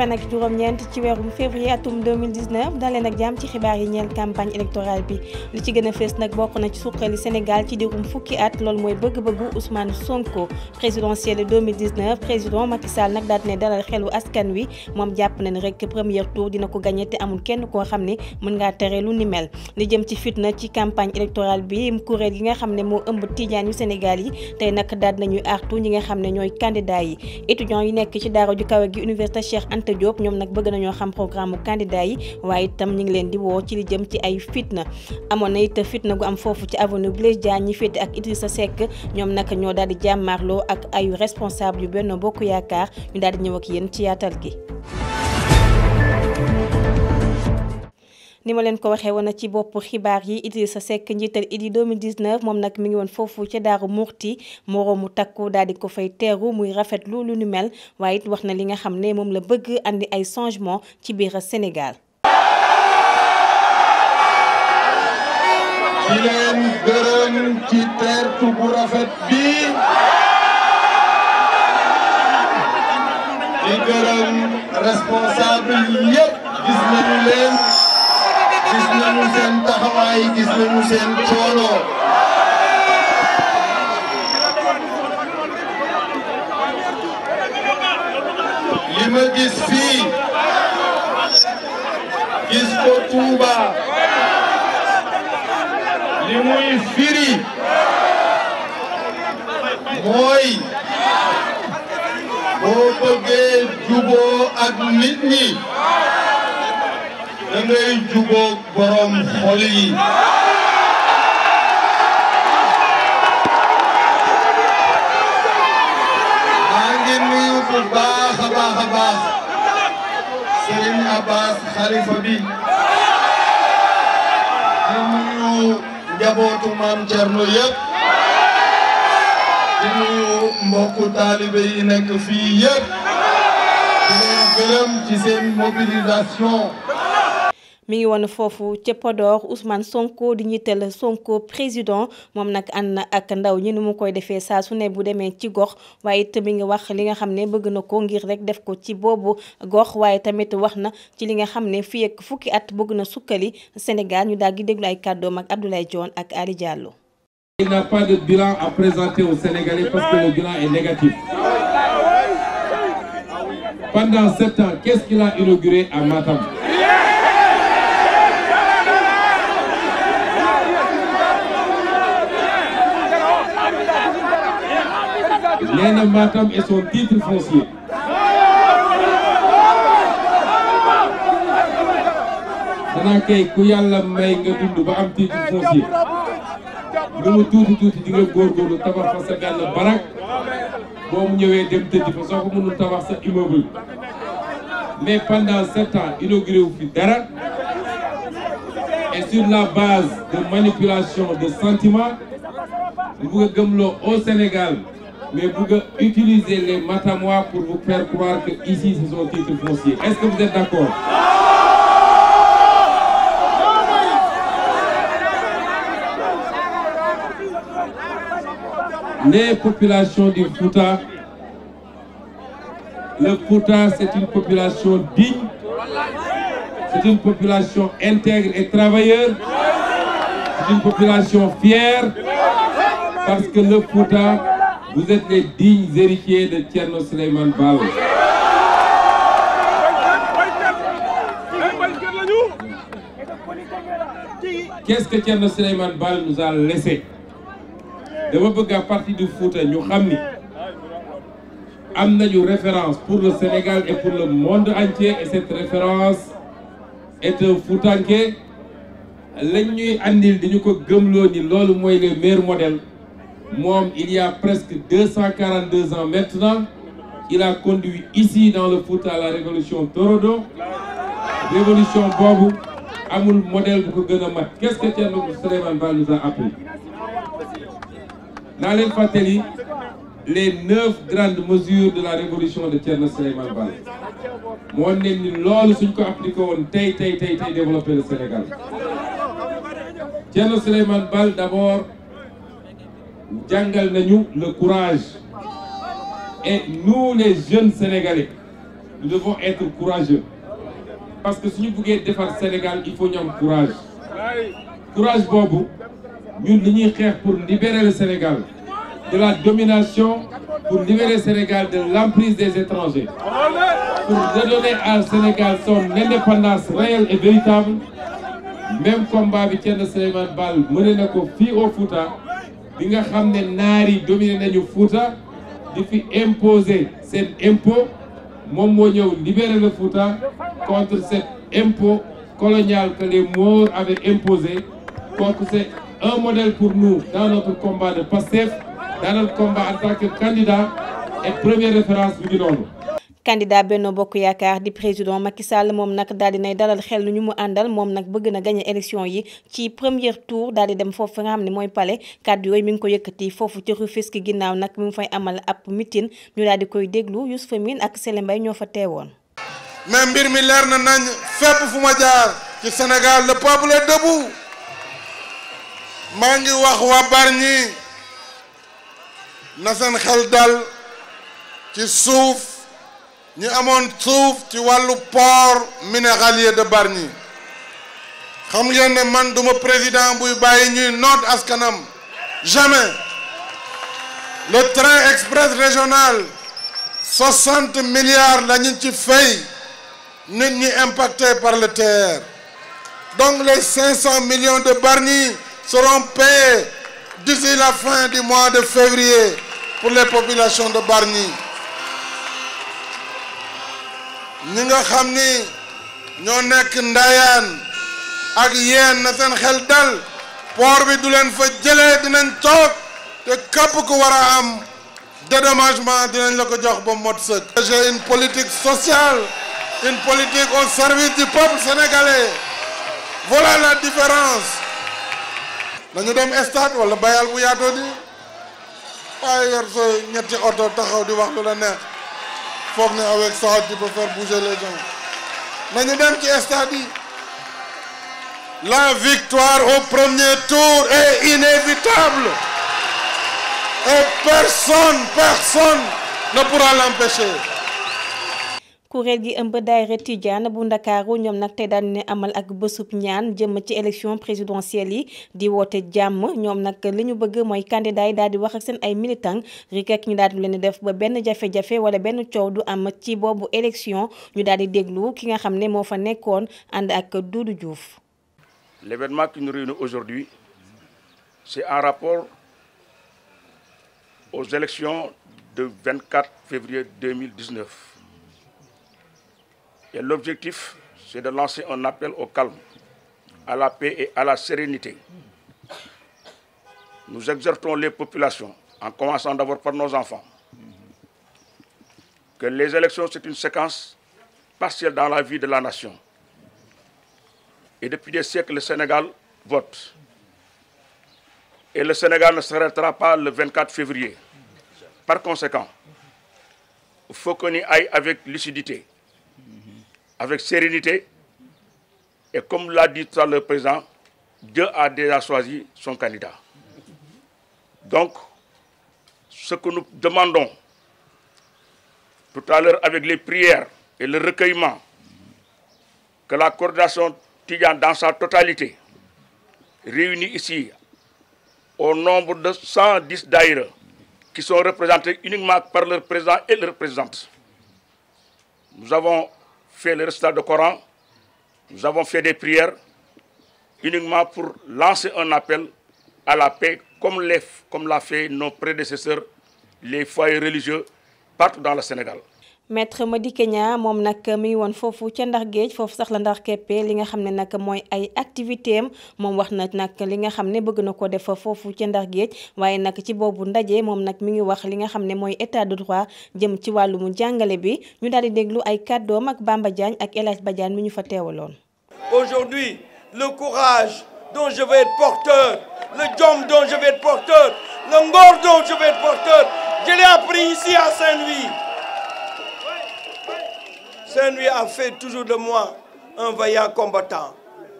fan ak juróom-ñeent ci weerum février atum 2019 dalee nag jàmm ci xibaar yi ñeel campagne électorale bi li ci gën a nag bokk na ci suqali Sénégal ci dirum fukki at loolu mooy bëgg-bëggu Ousmane Sonko présidentielle président Macky nag daal ne dalal xelu askan wi moom jàpp na ni rek premier tour dina ko gagné te amul kenn koo xam ne mën ngaa tere lu ni mel li jëm ci fitna ci campagne électorale bi kuréel yi nga xam ne moo ëmb tijaan yu Sénégal yi tey nag daal nañuy artu ñi ne ñooy candidat yi étudiants Aminata Diop ñoom nag bëgg nañoo xam programme candidat yi waaye itam ñu ngi leen di woo ci li jëm ci ay fitna amoon na it fitna gu am foofu ci avenue Blaise Diagne ñi féete ak sa Seck ñoom nag ñoo daal di jàmmaarloo ak ay responsable yu benn bokk yaakaar ñu daal di ñëw ak yéen ci yaatal gi ni ma leen ko waxee woon ci bopp xibaar yi Idrissa Seck njiital Idy 2019 moom nag mi ngi woon foofu ca Daaru Muxti moroomu takku daal di ko fay teeru muy rafet lu lu mel waaye it wax na li nga xam ne moom la bëgg indi ay changement ci biir Sénégal. gis nañu seen gis nañu seen li ma gis fii gis ko Touba li muy firi mooy boo bëggee juboo ak nit da ngay jubóog borom xol yi. maa nuyu bu baax a baax a baax Serigne Abbas xalifa bi. di nuyu njabootu maam Thierno yëpp. di nuyu mbokku taalibe yi nekk fii yëpp. di leen gërëm ci seen mobilisation. mi ngi woon foofu ca podoor Ousmane Sonko di njiital Sonko président moom nag ànd na ak ndaw ñi nu mu koy defee saa su ne bu demee ci gox waaye it mi ngi wax li nga xam ne bëgg na ko ngir rek def ko ci boobu gox waaye tamit wax na ci li nga xam ne fii ak fukki at bëgg na sukkali senegal ñu daal di déglu ay kàddoom ak Abdoulaye Dione ak Ali Diallo. nee na Matam est son titre foncier kay ku yàlla may nga dund ba am titre foncier lu mu tuuti tuuti di nga góorgóorlu tabax fa sa gànn barak boo ñëwee dem tëdd fa soo ko mënul tabax sa immeuble mais pendant sept ans inauguré fi dara et sur la de manipulation de sentiments bu nga gëmloo au Sénégal mais bëgg a utiliser les matamois pour vous faire croire que ici c'est son titre foncier est-ce que vous êtes d'accord les populations du Fouta le Fouta c'est une population digne c'est une population intègre et travailleuse c'est une population fière parce que le Fouta vous êtes les dignes héritiers de Thierno Souleymane Balo. quest dama bëgg à partir du Fouta ñu xam ni am nañu référence pour le Sénégal et pour le monde entier et cette référence est un Foutanké lañ ñuy andil di ko gëmloo ni loolu mooy le meilleur modèle moom il y a presque 242 ans maintenant il a conduit ici dans le Fouta la révolution Torodo révolution boobu amul modèle bu ko gën a mat qu'est-ce que Thierno Souleymane Ba naa leen fàttali les neuf grandes mesures de la révolution de Thierno Souleymane moo ne ni loolu suñ ko appliqué woon tey tey tey tey développer le Sénégal Thierno Souleymane Ba d'abord jàngal nañu le courage et nous les jeunes sénégalais nous devons être courageux parce que suñu buggee defar Sénégal il faut ñu courage courage boobu ñun li ñuy xeex pour libérer le Sénégal de la domination pour libérer le Sénégal de l'emprise des étrangers pour redonner à Sénégal son indépendance réelle et véritable même combat bi Thierno Souleymane Baal mëne na ko fii au Fouta bi nga xam ne naar yi dominé nañu Fouta di fi imposer seen impôt moom moo ñëw libérer le Fouta contre cet impôt colonial que les Maures avaient imposé donc c'est un modèle pour nous dans notre combat de PASTEF dans combat en tant que candidat et première référence bi ñu noonu candidat Benno Bokk Yaakaar di président Macky Sall moom nag daal di nay dalal xel nu ñu mu àndal moom nag bëgg na gagné élection yi ci premier tour daal di dem foofu nga xam ne mooy palais kàddu yooyu mi ngi ko yëkkati foofu ci Rufisque ginnaaw nag mi ngi fay amal ab meeting ñu daal di koy déglu Youssoupha Mine ak Sele Mbaye ñoo fa teewoon. mais mbir mi leer na nañ fépp fu ma jaar ci Sénégal le peuple est debout maa ngi wax seen xel dal ci suuf. ñu amoon suuf ci wàllu port minéralier de Bargny xam ngeen ne man duma président buy bàyyi ñuy noot askanam jamais le train express régional soixante milliards la ñu ci fay nit ñi impacté par le TER donc les cinq cent millions de Bargny seront payés d'ici la fin du mois de février pour les populations de Bargny ñi nga xam ni ñoo nekk ndayaan ak yeen na seen xel dal port bi du leen fa jëlee dinañ toog te képp ku war am dédommagement dinañ la ko jox ba mot sëkk. j'ai une politique sociale une politique au service du peuple sénégalais voilà la différence dañu dem stade wala bayal bu yaatoo di waaye yor sa ñetti oto taxaw di wax lu la neex. foog ne avec ça tu peux faire bouger les gens nañu dem ci stade yi la victoire au premier tour est inévitable et personne personne ne pourra l'empêcher kuréel gi ëmb daayira Tijaan bu ndakaaru ñoom nag tey daal ne amal ak bësub ñaan jëm ci élection présidentielle yi di woote jàmm ñoom nag li ñu bëgg mooy candidat yi daal di wax ak seen ay militant rek ak ñu daal di leen def ba benn jafe-jafe wala benn coow du am ci boobu élection ñu daal di déglu ki nga xam ne moo fa nekkoon ànd ak Doudou Diouf. L'événement qui nous réunit aujourd'hui c'est en rapport aux élections de 24 février Et l'objectif, c'est de lancer un appel au calme, à la et à la sérénité. Nous exhortons les populations, en commençant d'abord par nos enfants, que les élections, c'est séquence partielle dans la vie de la nation. Et depuis des siècles, le Sénégal vote. le Sénégal ne s'arrêtera pas le 24 février. Par conséquent, il faut qu'on y aille avec sérénité. Et comme l'a dit tout à l'heure le président, Dieu a déjà choisi son candidat. Donc, ce que nous demandons tout avec les prières et le recueillement, que la coordination Tidjane dans sa totalité, réunie ici au nombre de 110 daïres qui sont représentés uniquement par leur président et leur présidente. Nous avons fait le récital de Coran, nous avons fait des prières uniquement pour lancer un appel à la paix, comme l'a comme fait nos prédécesseurs, les foyers religieux partout dans le Sénégal. maître Madické Niang moom nag mi ngi woon foofu ca ndax géej foofu sax la ndax keppe li nga xam ne nag mooy ay activité am moom wax na nag li nga xam ne bëgg na ko def foofu ca ndax géej waaye nag ci boobu ndaje moom nag mi ngi wax li nga xam ne mooy état de droit jëm ci wàllum jàngale bi ñu daal di déglu ay kàddoom ak Bamba Diagne ak El Hadj Badiane mi ñu fa teewaloon. Aujourd'hui, le courage dont je vais être porteur, le jom dont je vais être porteur, le ngor dont je vais Saint-Louis a fait toujours de moi un vaillant combattant,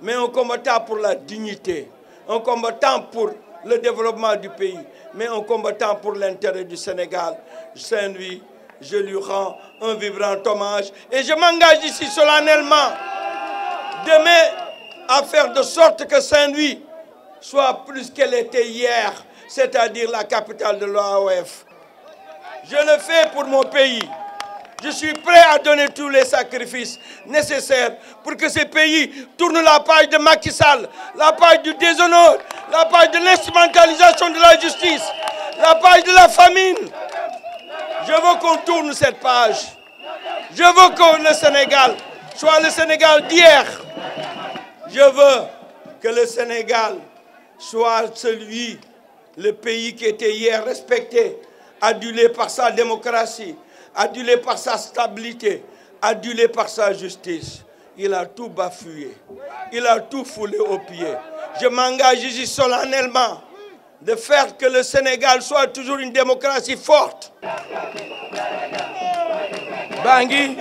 mais un combattant pour la dignité, un combattant pour le développement du pays, mais un combattant pour l'intérêt du Sénégal. Saint-Louis, je lui rends un vibrant hommage et je m'engage ici solennellement demain à faire de sorte que Saint-Louis soit plus qu'elle était hier, c'est-à-dire la capitale de l'OAOF. Je le fais pour mon pays. Je suis prêt à donner tous les sacrifices nécessaires pour que ce pays tourne la page de Macky Sall, la page du déshonneur, la page de l'instrumentalisation de la justice, la page de la famine. Je veux qu'on tourne cette page. Je veux que le Sénégal soit le Sénégal d'hier. Je veux que le Sénégal soit celui, le pays qui était hier respecté, adulé par sa démocratie, adulé par sa stabilité, adulé par sa justice. Il a tout bafoué, il a tout foulé aux pieds. Je m'engage ici solennellement de faire que le Sénégal soit toujours une démocratie forte. Bangui.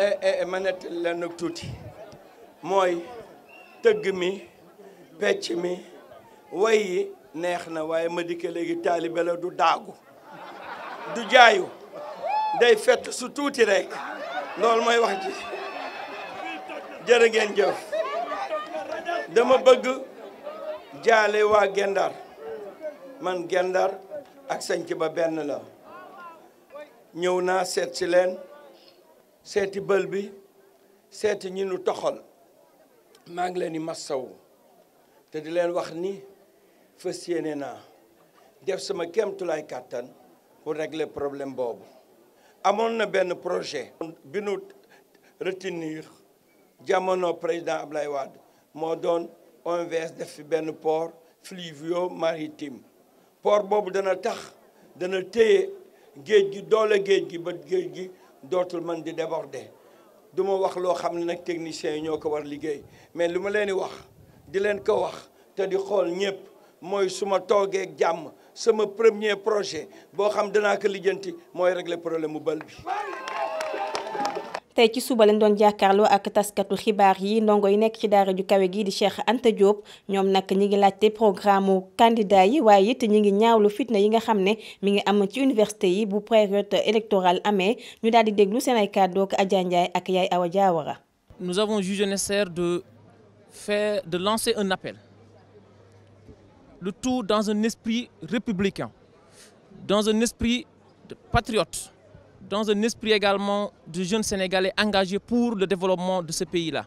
Eh, eh, eh, ma nett leen tuuti mooy tëgg mi mi neex na waaye ma dikke léegi taalibe la du daagu du jaayu day fett su tuuti rek loolu mooy wax ji jërë jëf dama bëgg jaale waa Gendar man Gendar ak sanc ba benn la ñëw naa seet si leen seeti bël bi seeti ñi nu toxal maa ngi leen di massawu te di leen wax ni fa yéene naa def sama kéemtulaay kàttan pour régler problème boobu amoon na benn projet bi nu retenir jamono président Ablaye Wade moo doon OMVS def fi benn port fluvio maritime port boobu dana tax dana téye géej gi doole géej gi ba géej gi dootul mën di déborder du ma wax loo xam ne nag techniciens yi ñoo ko war liggéey mais lu ma leen di wax di leen ko wax te di xool ñëpp mooy suma ma toogee jàmm sama premier projet boo xam danaa ko lijjanti mooy régler problème mu bal bi. tey ci suba lañ doon jàkkaarloo ak taskatu xibaar yi ndongo yi nekk ci daara ju kawe gi di Cheikh Anta Diop ñoom nag ñi ngi laajte programme mu candidat yi waaye it ñi ngi ñaawlu fitna yi nga xam ne mi ngi am ci université yi bu période électorale amee ñu daal di déglu seen ay kàddu ak Adja Ndiaye ak Yaay Awa Diawara. nous avons jugé nécessaire de faire de lancer un appel. le tout dans un esprit républicain, dans un esprit de patriote, dans un esprit également de jeunes Sénégalais engagés pour le développement de ce pays-là.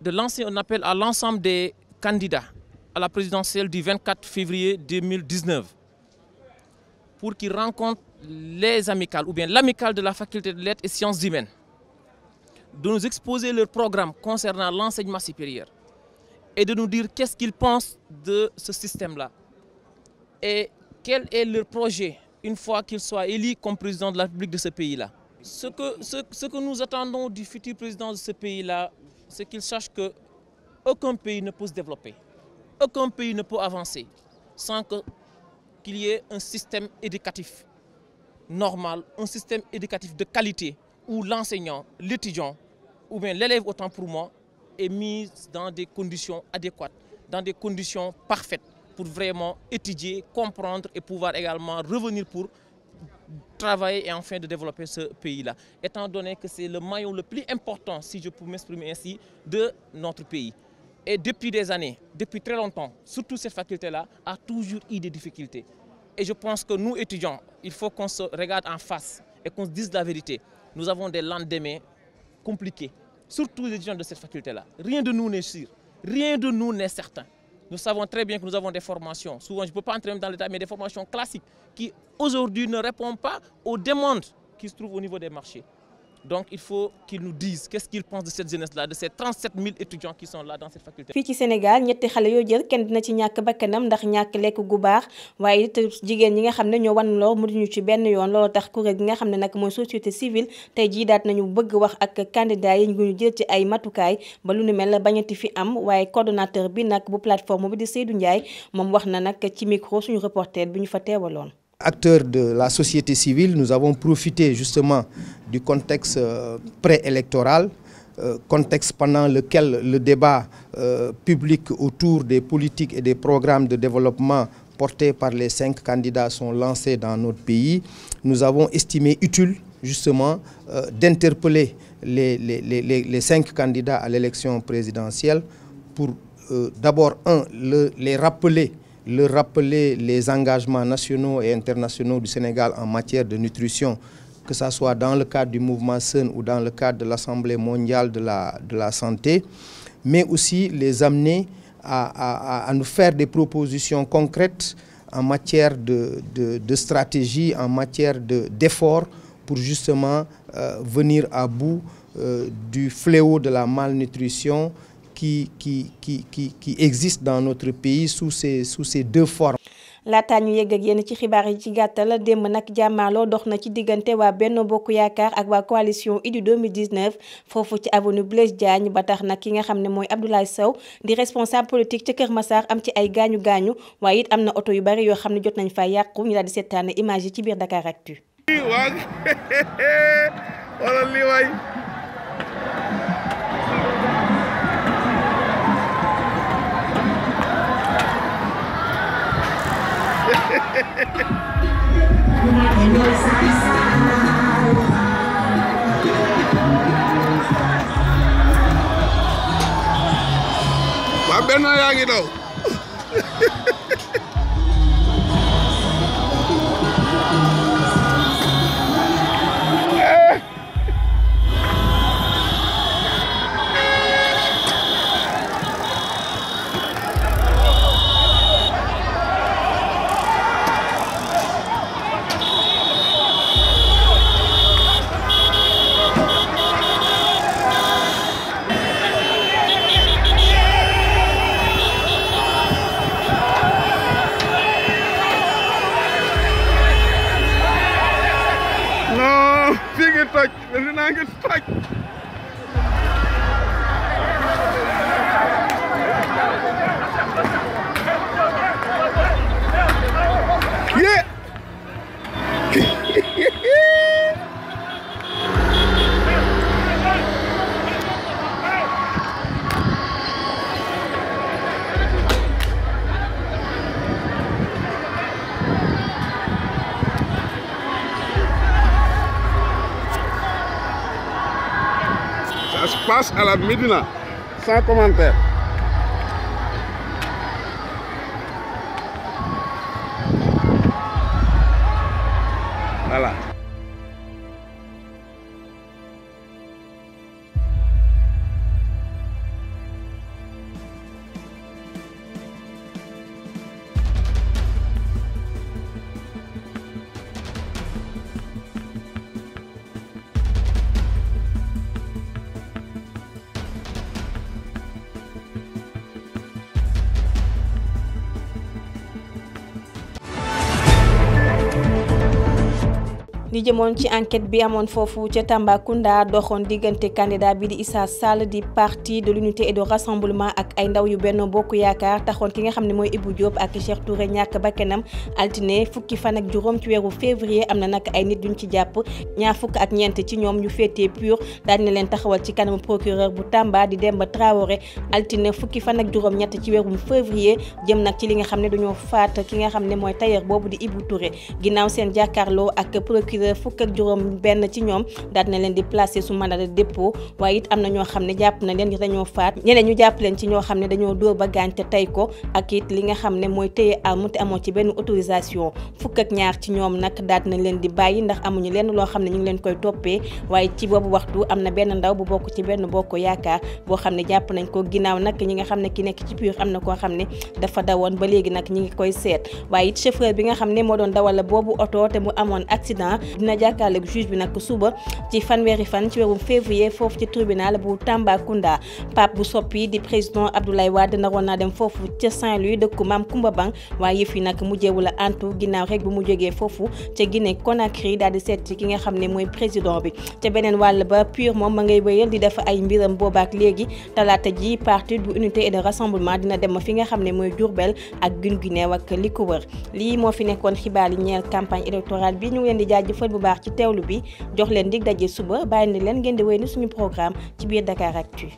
De lancer un appel à l'ensemble des candidats à la présidentielle du 24 février 2019 pour qu'ils rencontrent les amicales ou bien l'amicale de la faculté de lettres et sciences humaines, de nous exposer leur programme concernant l'enseignement et de nous dire qu'est-ce qu'ils pensent de ce système-là et quel est leur projet une fois qu'il soit élu comme président de la République de ce pays-là. Ce que, ce, ce que nous attendons du futur président de ce pays-là, c'est qu'il sache que aucun pays ne peut se développer, aucun pays ne peut avancer sans que qu'il y ait un système éducatif normal, un système éducatif de qualité où l'enseignant, l'étudiant, ou bien l'élève autant pour moi, est mise dans des conditions adéquates, dans des conditions parfaites pour vraiment étudier, comprendre et pouvoir également revenir pour travailler et enfin de développer ce pays-là. Étant donné que c'est le maillon le plus important, si je peux m'exprimer ainsi, de notre pays. Et depuis des années, depuis très longtemps, surtout cette faculté-là a toujours eu des difficultés. Et je pense que nous, étudiants, il faut qu'on se regarde en face et qu'on se dise la vérité. Nous avons des surtout les étudiants de cette faculté-là. Rien de nous n'est sûr, rien de nous n'est certain. Nous savons très bien que nous avons des formations, souvent je ne peux pas entrer dans l'état, mais des formations classiques qui aujourd'hui ne répondent pas aux demandes qui se trouvent au niveau des marchés. Donc il faut qu'ils nous disent qu'est-ce qu'ils pensent de cette jeunesse-là, de ces 37 000 étudiants qui sont là dans cette faculté. fii ci Sénégal ñetti xale yoo jël kenn dina ci ñàkk bakkanam ndax ñàkk lekk gu baax waaye it jigéen ñi nga xam ne ñoo wan loo mënuñu ci benn yoon loolu tax kuréel gi nga xam ne nag mooy société civile tey jii daat nañu bëgg wax ak candidat yi ñu jël ci ay matukaay ba lu nu mel bañati fi am waaye coordonnateur bi nag bu plateforme bi di Seydou Ndiaye moom wax na nag ci micro suñu reporter bi ñu fa teewaloon. acteurs de la société civile, nous avons profité justement du contexte euh, préélectoral, euh, contexte pendant lequel le débat euh, public autour des politiques et des programmes de développement portés par les cinq candidats sont lancés dans notre pays. Nous avons estimé utile justement d'interpeller les, les, les, les cinq candidats à l'élection présidentielle pour d'abord, un, le, les rappeler leur rappeler les engagements nationaux et internationaux du Sénégal en matière de nutrition, que ce soit dans le cadre du mouvement SEN ou dans le cadre de l'Assemblée mondiale de la, de la santé, mais aussi les amener à, à, à nous faire des propositions concrètes en matière de, de, de stratégie, en matière d'efforts de, pour justement euh, venir à bout euh, du fléau de la malnutrition qui, ki qui, qui, qui existent dans notre pays sous ces, sous ces deux formes. laataa ñu yegg ak yéen ci xibaar yi ci gàttal démb nag jàmmaarloo dox na ci diggante waa benn Bokk Yaakaar ak waa coalition Idy 2019 foofu ci avenue Blaise Diagne ba tax nag ki nga xam ne mooy Abdoulaye Sow di responsable politique ca Kër Massar am ci ay gaañu gaañu waaye it am na oto yu bari yoo xam ne jot nañ fa yàqu ñu daal di seetaane image ci biir Dakaractu. wala lii waay. waa benn yaa ngi daw toj def naa ngeen toj passe à la Médina sans commentaire li jëmoon ci enquête bi amoon foofu ca Tambacounda doxoon diggante candidat bi di Issa Sall di parti de l'unité et de rassemblement ak ay ndaw yu benn bokk yaakaar taxoon ki nga xam ne mooy Ibou Diop ak Cheikh Touré ñàkk bakkanam altine fukki fan ak juróom ci weeru février am na nag ay nit yuñ ci jàpp ñaar fukk ak ñeent ci ñoom ñu féetee pur daal na leen taxawal ci kanamu procureur bu Tamba di Demba Traoré altine fukki fan ak juróom ñett ci weeru février jëm nag ci li nga xam ne dañoo faat ki nga xam ne mooy tailleur boobu di Ibou Touré ginnaaw seen jàkkaarloo ak procureur fukk ak juróom benn ci ñoom daal na leen di placer su mandat de dépôt waaye it am na ñoo xam ne jàpp na leen di dañoo faat ñeneen ñu jàpp leen ci ñoo xam ne dañoo dóor ba gaañ te tey ko ak it li nga xam ne mooy téye arme te ci benn autorisation fukk ñaar ci ñoom nag daal na leen di bàyyi ndax amuñu lenn loo xam ne ñu ngi leen koy toppee waaye ci boobu waxtu am na benn ndaw bu bokk ci benn bokk yaakaar boo xam ne jàpp nañ ko ginnaaw nag ñi nga xam ne ki nekk ci PUR am na koo xam ne dafa dawoon ba léegi nag ñi ngi koy seet waaye bi nga xam ne moo doon dawal boobu oto te mu amoon accident dina jàkkaarloog juge bi nag suba ci fanweeri fan ci weeru février foofu ci tribunal bu Tambacounda Pape bu soppi di président waa Wade naroon naa dem foofu ca Saint-Louis dëkku maam Kumba Bang waaye yëf yi nag mujjeewu la antu ginnaaw rek bu mu jógee foofu ca Guinée Conakry daal di seet ki nga xam ne mooy président bi ca beneen wàll ba pur moom ma ngay wéyal di def ay mbiram boobaak léegi talaata ji parti bu unité et de rassemblement dina dem fi nga xam ne mooy Diourbel ak Guinguinéo ak li ko wër jaajëfal bu baax ci teewlu bi jox leen dig daje suba bay ni leen ngeen di wéy ni suñu programme ci biir Dakaractu